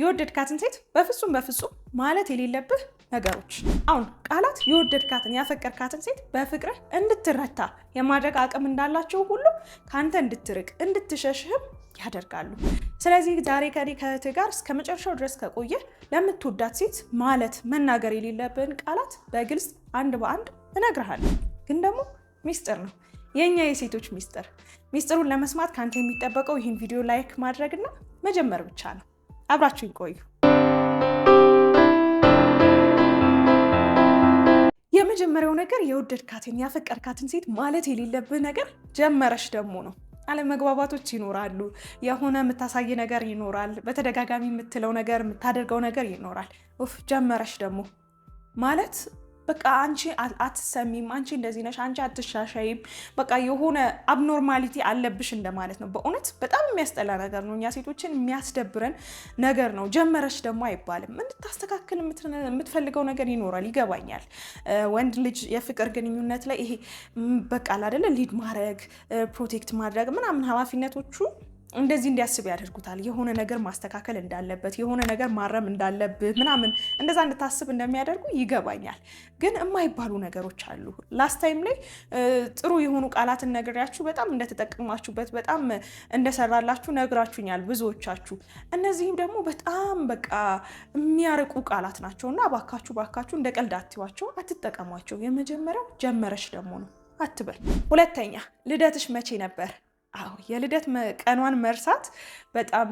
የወደድካትን ሴት በፍጹም በፍጹም ማለት የሌለብህ ነገሮች። አሁን ቃላት የወደድካትን ያፈቀርካትን ሴት በፍቅርህ እንድትረታ የማድረግ አቅም እንዳላቸው ሁሉ ከአንተ እንድትርቅ እንድትሸሽህም ያደርጋሉ። ስለዚህ ዛሬ ከኔ ከእህትህ ጋር እስከ መጨረሻው ድረስ ከቆየ ለምትወዳት ሴት ማለት መናገር የሌለብህን ቃላት በግልጽ አንድ በአንድ እነግርሃለሁ። ግን ደግሞ ሚስጥር ነው የእኛ የሴቶች ሚስጥር። ሚስጥሩን ለመስማት ከአንተ የሚጠበቀው ይህን ቪዲዮ ላይክ ማድረግና መጀመር ብቻ ነው። አብራችሁን ቆዩ። የመጀመሪያው ነገር የወደድካትን ያፈቀድካትን ሴት ማለት የሌለብህ ነገር ጀመረሽ ደግሞ ነው። አለመግባባቶች ይኖራሉ። የሆነ የምታሳይ ነገር ይኖራል። በተደጋጋሚ የምትለው ነገር፣ የምታደርገው ነገር ይኖራል። ኡፍ ጀመረሽ ደግሞ ማለት በቃ አንቺ አትሰሚም፣ አንቺ እንደዚህ ነሽ፣ አንቺ አትሻሻይም፣ በቃ የሆነ አብኖርማሊቲ አለብሽ እንደማለት ነው። በእውነት በጣም የሚያስጠላ ነገር ነው። እኛ ሴቶችን የሚያስደብረን ነገር ነው። ጀመረች ደግሞ አይባልም። እንድታስተካክል የምትፈልገው ነገር ይኖራል፣ ይገባኛል። ወንድ ልጅ የፍቅር ግንኙነት ላይ ይሄ በቃል አደለ ሊድ ማድረግ ፕሮቴክት ማድረግ ምናምን ኃላፊነቶቹ እንደዚህ እንዲያስብ ያደርጉታል። የሆነ ነገር ማስተካከል እንዳለበት፣ የሆነ ነገር ማረም እንዳለብህ ምናምን እንደዛ እንድታስብ እንደሚያደርጉ ይገባኛል። ግን የማይባሉ ነገሮች አሉ። ላስት ታይም ላይ ጥሩ የሆኑ ቃላትን ነግሬያችሁ በጣም እንደተጠቀማችሁበት በጣም እንደሰራላችሁ ነግራችሁኛል ብዙዎቻችሁ። እነዚህም ደግሞ በጣም በቃ የሚያርቁ ቃላት ናቸው እና ባካችሁ ባካችሁ እንደ ቀልድ አትዋቸው፣ አትጠቀሟቸው። የመጀመሪያው ጀመረች ደግሞ ነው አትበል። ሁለተኛ ልደትሽ መቼ ነበር? አዎ የልደት ቀኗን መርሳት በጣም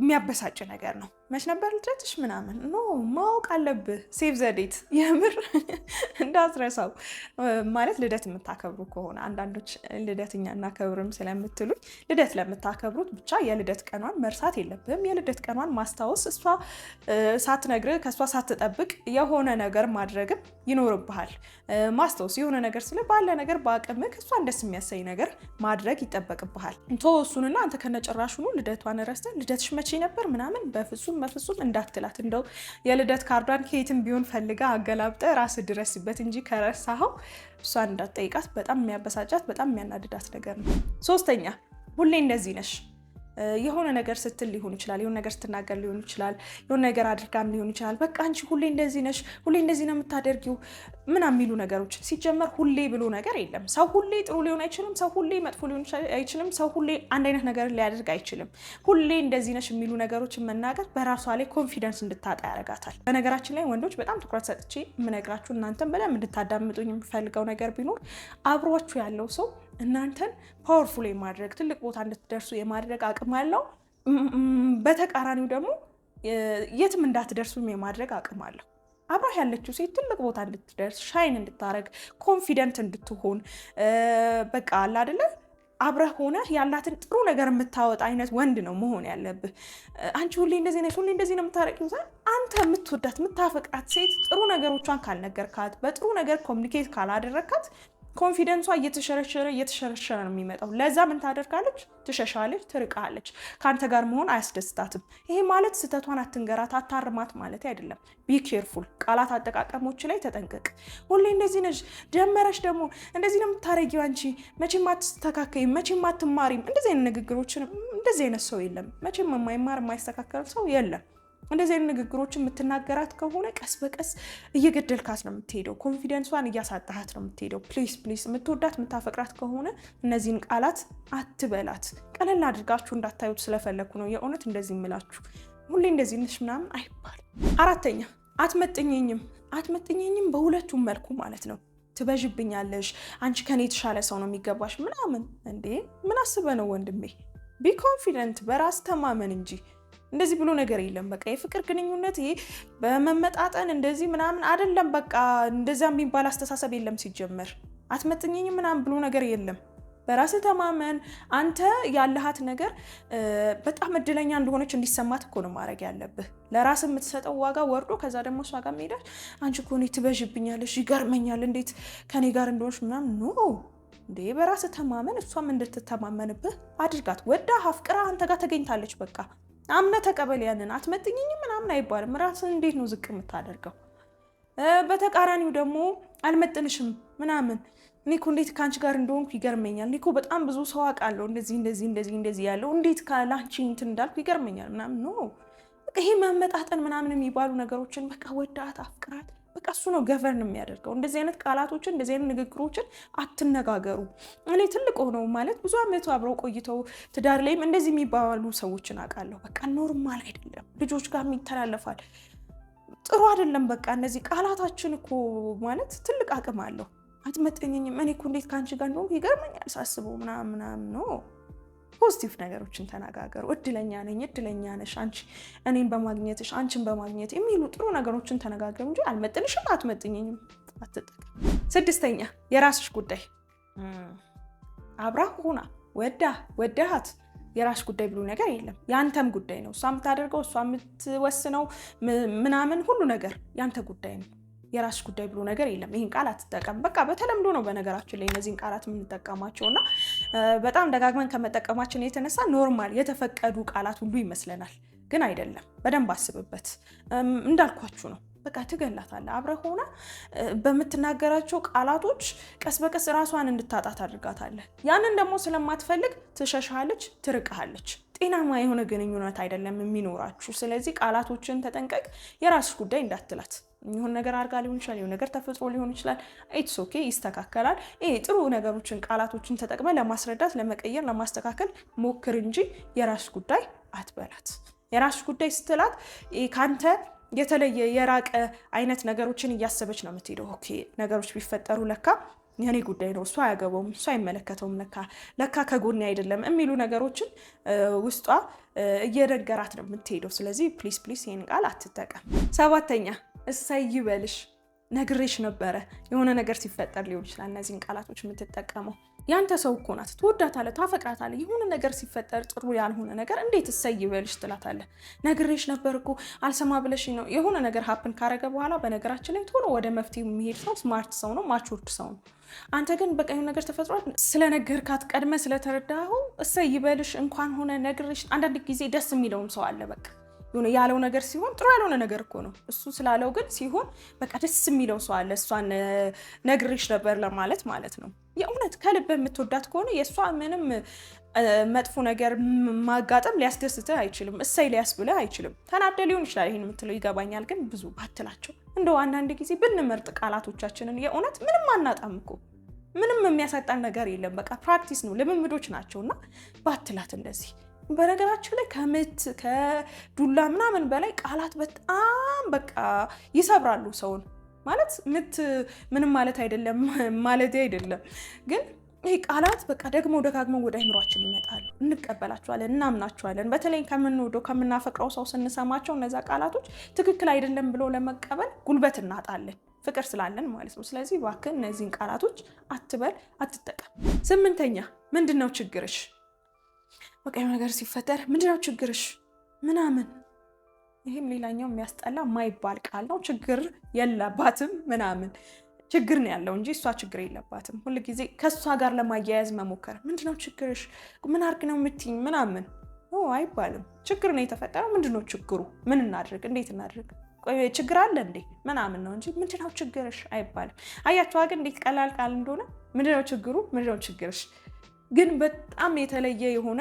የሚያበሳጭ ነገር ነው። መች ነበር ልደትሽ ምናምን ኖ ማወቅ አለብህ። ሴቭ ዘዴት የምር እንዳትረሳው ማለት ልደት የምታከብሩ ከሆነ አንዳንዶች ልደት እኛ እናከብርም ስለምትሉኝ ልደት ለምታከብሩት ብቻ የልደት ቀኗን መርሳት የለብህም። የልደት ቀኗን ማስታወስ እሷ ሳትነግርህ ከእሷ ሳትጠብቅ የሆነ ነገር ማድረግም ይኖርብሃል። ማስታወስ የሆነ ነገር ስለ ባለ ነገር በአቅምህ እሷን ደስ የሚያሰኝ ነገር ማድረግ ይጠበቅብሃል። ቶ እሱንና አንተ ከነጭራሹኑ ልደቷን ረስተህ ልደትሽ መቼ ነበር ምናምን በፍጹም በፍጹም በፍጹም እንዳትላት። እንደው የልደት ካርዷን ከየትም ቢሆን ፈልጋ አገላብጠ ራስ ድረስበት እንጂ ከረሳኸው እሷን እንዳትጠይቃት። በጣም የሚያበሳጫት በጣም የሚያናድዳት ነገር ነው። ሶስተኛ ሁሌ እንደዚህ ነሽ የሆነ ነገር ስትል ሊሆን ይችላል። የሆነ ነገር ስትናገር ሊሆን ይችላል። የሆነ ነገር አድርጋም ሊሆን ይችላል። በቃ አንቺ ሁሌ እንደዚህ ነሽ፣ ሁሌ እንደዚህ ነው የምታደርጊው ምናምን የሚሉ ነገሮች። ሲጀመር ሁሌ ብሎ ነገር የለም። ሰው ሁሌ ጥሩ ሊሆን አይችልም። ሰው ሁሌ መጥፎ ሊሆን አይችልም። ሰው ሁሌ አንድ አይነት ነገር ሊያደርግ አይችልም። ሁሌ እንደዚህ ነሽ የሚሉ ነገሮችን መናገር በራሷ ላይ ኮንፊደንስ እንድታጣ ያደርጋታል። በነገራችን ላይ ወንዶች በጣም ትኩረት ሰጥቼ የምነግራችሁ እናንተም በደንብ እንድታዳምጡኝ የምፈልገው ነገር ቢኖር አብሯችሁ ያለው ሰው እናንተን ፓወርፉል የማድረግ ትልቅ ቦታ እንድትደርሱ የማድረግ አቅም አለው። በተቃራኒው ደግሞ የትም እንዳትደርሱም የማድረግ አቅም አለው። አብራህ ያለችው ሴት ትልቅ ቦታ እንድትደርስ ሻይን እንድታረግ ኮንፊደንት እንድትሆን በቃ አለ አደለ አብረህ ሆነ ያላትን ጥሩ ነገር የምታወጣ አይነት ወንድ ነው መሆን ያለብህ። አንቺ ሁሌ እንደዚህ ነሽ፣ ሁሌ እንደዚህ ነው የምታረቂው። አንተ የምትወዳት የምታፈቅራት ሴት ጥሩ ነገሮቿን ካልነገርካት፣ በጥሩ ነገር ኮሚኒኬት ካላደረግካት ኮንፊደንሷ እየተሸረሸረ እየተሸረሸረ ነው የሚመጣው። ለዛ ምን ታደርጋለች? ትሸሻለች፣ ትርቃለች። ከአንተ ጋር መሆን አያስደስታትም። ይሄ ማለት ስህተቷን አትንገራት፣ አታርማት ማለት አይደለም። ቢ ኬርፉል፣ ቃላት አጠቃቀሞች ላይ ተጠንቀቅ። ሁሌ እንደዚህ ነሽ፣ ጀመረሽ ደግሞ እንደዚህ ነው የምታረጊው አንቺ፣ መቼም አትስተካከይም፣ መቼም አትማሪም። እንደዚህ አይነት ንግግሮችን እንደዚህ አይነት ሰው የለም። መቼም የማይማር የማይስተካከል ሰው የለም። እንደዚህ አይነት ንግግሮች የምትናገራት ከሆነ ቀስ በቀስ እየገደልካት ነው የምትሄደው። ኮንፊደንሷን እያሳጣሃት ነው የምትሄደው። ፕሊስ ፕሊስ፣ የምትወዳት የምታፈቅራት ከሆነ እነዚህን ቃላት አትበላት። ቀለል አድርጋችሁ እንዳታዩት ስለፈለግኩ ነው የእውነት እንደዚህ የምላችሁ። ሁሌ እንደዚህ ነሽ ምናምን አይባልም። አራተኛ አትመጥኝኝም፣ አትመጥኝኝም በሁለቱም መልኩ ማለት ነው። ትበዥብኛለሽ፣ አንቺ ከኔ የተሻለ ሰው ነው የሚገባሽ ምናምን። እንዴ ምን አስበህ ነው ወንድሜ? ቢ ኮንፊደንት፣ በራስ ተማመን እንጂ እንደዚህ ብሎ ነገር የለም። በቃ የፍቅር ግንኙነት ይሄ በመመጣጠን እንደዚህ ምናምን አይደለም። በቃ እንደዚያ የሚባል አስተሳሰብ የለም። ሲጀመር አትመጥኝኝ ምናምን ብሎ ነገር የለም። በራስህ ተማመን። አንተ ያለሃት ነገር በጣም እድለኛ እንደሆነች እንዲሰማት እኮ ነው ማድረግ ያለብህ። ለራስ የምትሰጠው ዋጋ ወርዶ ከዛ ደግሞ እሷ ጋር መሄዳች አንቺ እኮ እኔ ትበዥብኛለሽ፣ ይገርመኛል እንዴት ከኔ ጋር እንደሆነች ምናምን ኖ እንዴ በራስህ ተማመን። እሷም እንድትተማመንብህ አድርጋት። ወዳ አፍቅራ አንተ ጋር ተገኝታለች። በቃ አምነህ ተቀበል ያንን አትመጥኝኝም ምናምን አይባልም። ራስን እንዴት ነው ዝቅ የምታደርገው? በተቃራኒው ደግሞ አልመጥንሽም ምናምን እኔ እኮ እንዴት ከአንቺ ጋር እንደሆንኩ ይገርመኛል። እኔ እኮ በጣም ብዙ ሰው አውቃለሁ እንደዚህ እንደዚህ እንደዚህ እንደዚህ ያለው እንዴት ከላንቺ እንትን እንዳልኩ ይገርመኛል ምናምን ኖ ይሄ መመጣጠን ምናምን የሚባሉ ነገሮችን በቃ ወዳት አፍቅራት በቃ እሱ ነው ገቨርን የሚያደርገው። እንደዚህ አይነት ቃላቶችን እንደዚህ አይነት ንግግሮችን አትነጋገሩ። እኔ ትልቅ ሆነው ማለት ብዙ አመቱ አብረው ቆይተው ትዳር ላይም እንደዚህ የሚባሉ ሰዎችን አውቃለሁ። በቃ ኖርማል አይደለም፣ ልጆች ጋር ይተላለፋል። ጥሩ አይደለም። በቃ እነዚህ ቃላታችን እኮ ማለት ትልቅ አቅም አለው። አትመጠኝም። እኔ እኮ እንዴት ከአንቺ ጋር እንደሆንኩ ይገርመኛል ሳስበው ምናምን ምናምን ነው ፖዚቲቭ ነገሮችን ተነጋገሩ። እድለኛ ነኝ፣ እድለኛ ነሽ፣ አንቺ እኔን በማግኘትሽ አንቺን በማግኘት የሚሉ ጥሩ ነገሮችን ተነጋገሩ እንጂ አልመጥንሽም፣ አትመጥኝኝም አትጠቅም። ስድስተኛ የራስሽ ጉዳይ አብራ ሁና ወዳ ወዳሃት የራስ ጉዳይ ብሎ ነገር የለም። የአንተም ጉዳይ ነው። እሷ የምታደርገው እሷ የምትወስነው ምናምን ሁሉ ነገር ያንተ ጉዳይ ነው። የራስሽ ጉዳይ ብሎ ነገር የለም። ይህን ቃል አትጠቀም። በቃ በተለምዶ ነው በነገራችን ላይ እነዚህን ቃላት የምንጠቀማቸው እና በጣም ደጋግመን ከመጠቀማችን የተነሳ ኖርማል የተፈቀዱ ቃላት ሁሉ ይመስለናል፣ ግን አይደለም። በደንብ አስብበት። እንዳልኳችሁ ነው። በቃ ትገላታለህ። አብረህ ሆና በምትናገራቸው ቃላቶች ቀስ በቀስ ራሷን እንድታጣት አድርጋታለ ያንን ደግሞ ስለማትፈልግ ትሸሻለች፣ ትርቅሃለች። ጤናማ የሆነ ግንኙነት አይደለም የሚኖራችሁ። ስለዚህ ቃላቶችን ተጠንቀቅ። የራስሽ ጉዳይ እንዳትላት የሆነ ነገር አድርጋ ሊሆን ይችላል፣ የሆነ ነገር ተፈጥሮ ሊሆን ይችላል። ኢትስ ኦኬ ይስተካከላል። ይሄ ጥሩ ነገሮችን ቃላቶችን ተጠቅመ ለማስረዳት፣ ለመቀየር፣ ለማስተካከል ሞክር እንጂ የራስ ጉዳይ አትበላት። የራስ ጉዳይ ስትላት ከአንተ የተለየ የራቀ አይነት ነገሮችን እያሰበች ነው የምትሄደው። ኦኬ ነገሮች ቢፈጠሩ ለካ የኔ ጉዳይ ነው፣ እሱ አያገባውም፣ እሱ አይመለከተውም፣ ለካ ለካ ከጎኔ አይደለም የሚሉ ነገሮችን ውስጧ እየነገራት ነው የምትሄደው። ስለዚህ ፕሊስ ፕሊስ ይህን ቃል አትጠቀም። ሰባተኛ እሰይ ይበልሽ ነግሬሽ ነበረ የሆነ ነገር ሲፈጠር ሊሆን ይችላል እነዚህን ቃላቶች የምትጠቀመው ያንተ ሰው እኮ ናት ትወዳታለህ ታፈቅራታለህ የሆነ ነገር ሲፈጠር ጥሩ ያልሆነ ነገር እንዴት እሰይ ይበልሽ ትላታለህ ነግሬሽ ነበር እኮ አልሰማ ብለሽ ነው የሆነ ነገር ሀፕን ካረገ በኋላ በነገራችን ላይ ቶሎ ወደ መፍትሄ የሚሄድ ሰው ስማርት ሰው ነው ማቹርድ ሰው ነው አንተ ግን በቃ የሆነ ነገር ተፈጥሯል ስለነገርካት ቀድመ ስለተረዳኸው እሰይ ይበልሽ እንኳን ሆነ ነግሬሽ አንዳንድ ጊዜ ደስ የሚለውም ሰው አለ በቃ የሆነ ያለው ነገር ሲሆን ጥሩ ያልሆነ ነገር እኮ ነው። እሱ ስላለው ግን ሲሆን በቃ ደስ የሚለው ሰው አለ። እሷን ነግሬሽ ነበር ለማለት ማለት ነው። የእውነት ከልብ የምትወዳት ከሆነ የእሷ ምንም መጥፎ ነገር ማጋጠም ሊያስደስትህ አይችልም። እሰይ ሊያስብልህ አይችልም። ተናደ ሊሆን ይችላል ይህን የምትለው ይገባኛል። ግን ብዙ ባትላቸው እንደው አንዳንድ ጊዜ ብንመርጥ ቃላቶቻችንን የእውነት ምንም አናጣም እኮ ምንም የሚያሳጣን ነገር የለም። በቃ ፕራክቲስ ነው ልምምዶች ናቸው እና ባትላት እንደዚህ በነገራችሁ ላይ ከምት ከዱላ ምናምን በላይ ቃላት በጣም በቃ ይሰብራሉ ሰውን። ማለት ምት ምንም ማለት አይደለም ማለት አይደለም፣ ግን ይህ ቃላት በቃ ደግሞ ደጋግመው ወደ አይምሯችን ይመጣሉ። እንቀበላቸዋለን፣ እናምናቸዋለን። በተለይ ከምንወደው ከምናፈቅረው ሰው ስንሰማቸው እነዚ ቃላቶች ትክክል አይደለም ብሎ ለመቀበል ጉልበት እናጣለን። ፍቅር ስላለን ማለት ነው። ስለዚህ እባክህ እነዚህን ቃላቶች አትበል፣ አትጠቀም። ስምንተኛ ምንድን ነው ችግርሽ? በቃ ነገር ሲፈጠር ምንድነው ችግርሽ ምናምን ይህም ሌላኛው የሚያስጠላ ማይባል ቃል ነው። ችግር የለባትም ምናምን ችግር ነው ያለው እንጂ እሷ ችግር የለባትም። ጊዜ ከእሷ ጋር ለማያያዝ መሞከር ምንድነው ችግርሽ፣ ምን አድርግ ነው የምትይኝ ምናምን አይባልም። ችግር ነው የተፈጠረው። ምንድነው ችግሩ? ምን እናድርግ? እንዴት እናድርግ? ችግር አለ እንዴ ምናምን ነው እንጂ ምንድነው ችግርሽ አይባልም። አያችኋ ግን እንዴት ቀላል ቃል እንደሆነ። ምንድነው ችግሩ? ምንድነው ችግርሽ ግን በጣም የተለየ የሆነ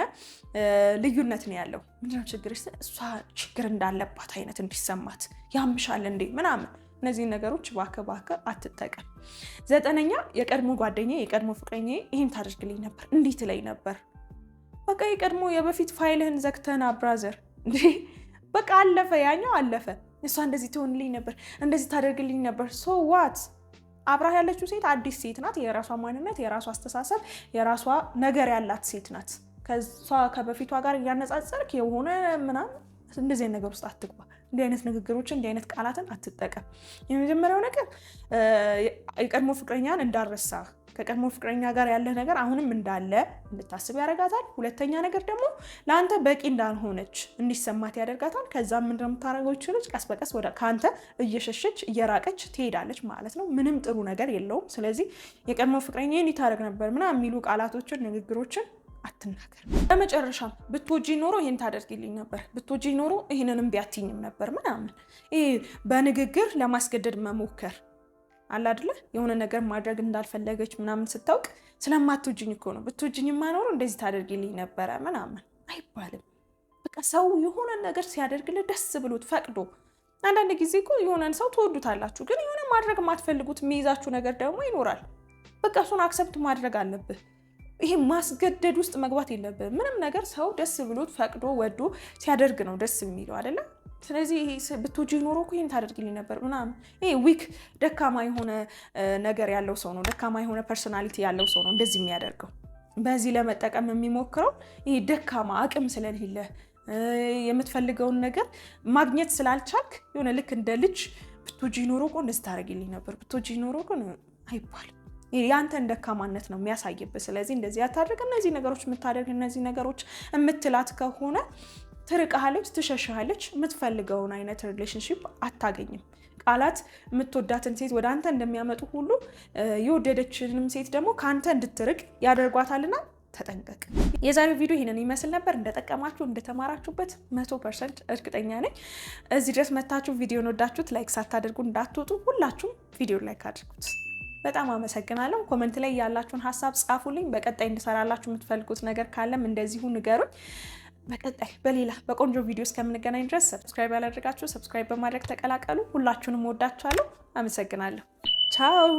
ልዩነት ነው ያለው። ምንድነው ችግር እሷ ችግር እንዳለባት አይነት እንዲሰማት ያምሻል እንዴ ምናምን እነዚህ ነገሮች ባከ ባከ አትጠቀም። ዘጠነኛ የቀድሞ ጓደኛ የቀድሞ ፍቅረኛ ይህን ታደርግልኝ ነበር እንዲህ ትለኝ ነበር። በቃ የቀድሞ የበፊት ፋይልህን ዘግተና ብራዘር እንዴ በቃ አለፈ፣ ያኛው አለፈ። እሷ እንደዚህ ትሆንልኝ ነበር እንደዚህ ታደርግልኝ ነበር ሶ ዋት አብራህ ያለችው ሴት አዲስ ሴት ናት። የራሷ ማንነት፣ የራሷ አስተሳሰብ፣ የራሷ ነገር ያላት ሴት ናት። ከሷ ከበፊቷ ጋር እያነጻጸርክ የሆነ ምናምን እንደዚህ ነገር ውስጥ አትግባ። እንዲህ አይነት ንግግሮችን እንዲህ አይነት ቃላትን አትጠቀም። የመጀመሪያው ነገር የቀድሞ ፍቅረኛን እንዳረሳ ከቀድሞ ፍቅረኛ ጋር ያለ ነገር አሁንም እንዳለ እንድታስብ ያደርጋታል። ሁለተኛ ነገር ደግሞ ለአንተ በቂ እንዳልሆነች እንዲሰማት ያደርጋታል። ከዛም ምንድን ችሎች ቀስ በቀስ ወደ ከአንተ እየሸሸች እየራቀች ትሄዳለች ማለት ነው። ምንም ጥሩ ነገር የለውም። ስለዚህ የቀድሞ ፍቅረኛ እንዲታደርግ ነበር ምናምን የሚሉ ቃላቶችን፣ ንግግሮችን አትናገር። በመጨረሻም ብትወጂ ኖሮ ይህን ታደርግልኝ ነበር፣ ብትወጂ ኖሮ ይህንንም ቢያትኝም ነበር ምናምን። ይህ በንግግር ለማስገደድ መሞከር አለ አይደለ? የሆነ ነገር ማድረግ እንዳልፈለገች ምናምን ስታውቅ ስለማትወጂኝ እኮ ነው፣ ብትወጂኝማ ኖሮ እንደዚህ ታደርግልኝ ነበረ ምናምን አይባልም። በቃ ሰው የሆነ ነገር ሲያደርግልህ ደስ ብሎት ፈቅዶ አንዳንድ ጊዜ እኮ የሆነን ሰው ትወዱታላችሁ፣ ግን የሆነ ማድረግ የማትፈልጉት የሚይዛችሁ ነገር ደግሞ ይኖራል። በቃ እሱን አክሰብት ማድረግ አለብህ። ይሄ ማስገደድ ውስጥ መግባት የለብን። ምንም ነገር ሰው ደስ ብሎት ፈቅዶ ወዶ ሲያደርግ ነው ደስ የሚለው አይደለም። ስለዚህ ብትወጂ ኖሮ እኮ ይህን ታደርግልኝ ነበር ምናምን። ይሄ ዊክ ደካማ የሆነ ነገር ያለው ሰው ነው፣ ደካማ የሆነ ፐርሶናሊቲ ያለው ሰው ነው እንደዚህ የሚያደርገው። በዚህ ለመጠቀም የሚሞክረው ይሄ ደካማ አቅም ስለሌለ የምትፈልገውን ነገር ማግኘት ስላልቻልክ የሆነ ልክ እንደ ልጅ ብትወጂ ኖሮ እኮ እንደዚህ ታደርግልኝ ነበር፣ ብትወጂ ኖሮ እኮ አይባልም። ያንተን ደካማነት ነው የሚያሳይብህ። ስለዚህ እንደዚህ አታድርግ፣ እነዚህ ነገሮች የምታደርግ እነዚህ ነገሮች የምትላት ከሆነ ትርቅሃለች፣ ትሸሽሃለች። የምትፈልገውን አይነት ሪሌሽንሽፕ አታገኝም። ቃላት የምትወዳትን ሴት ወደ አንተ እንደሚያመጡ ሁሉ የወደደችንም ሴት ደግሞ ከአንተ እንድትርቅ ያደርጓታልና ተጠንቀቅ። የዛሬው ቪዲዮ ይህንን ይመስል ነበር። እንደጠቀማችሁ እንደተማራችሁበት መቶ ፐርሰንት እርግጠኛ ነኝ። እዚህ ድረስ መታችሁ ቪዲዮን ወዳችሁት ላይክ ሳታደርጉ እንዳትወጡ። ሁላችሁም ቪዲዮ ላይክ አድርጉት። በጣም አመሰግናለሁ። ኮመንት ላይ ያላችሁን ሀሳብ ጻፉልኝ። በቀጣይ እንድሰራላችሁ የምትፈልጉት ነገር ካለም እንደዚሁ ንገሩኝ። በቀጣይ በሌላ በቆንጆ ቪዲዮ እስከምንገናኝ ድረስ ሰብስክራይብ ያላደረጋችሁ ሰብስክራይብ በማድረግ ተቀላቀሉ። ሁላችሁንም ወዳችኋለሁ። አመሰግናለሁ። ቻው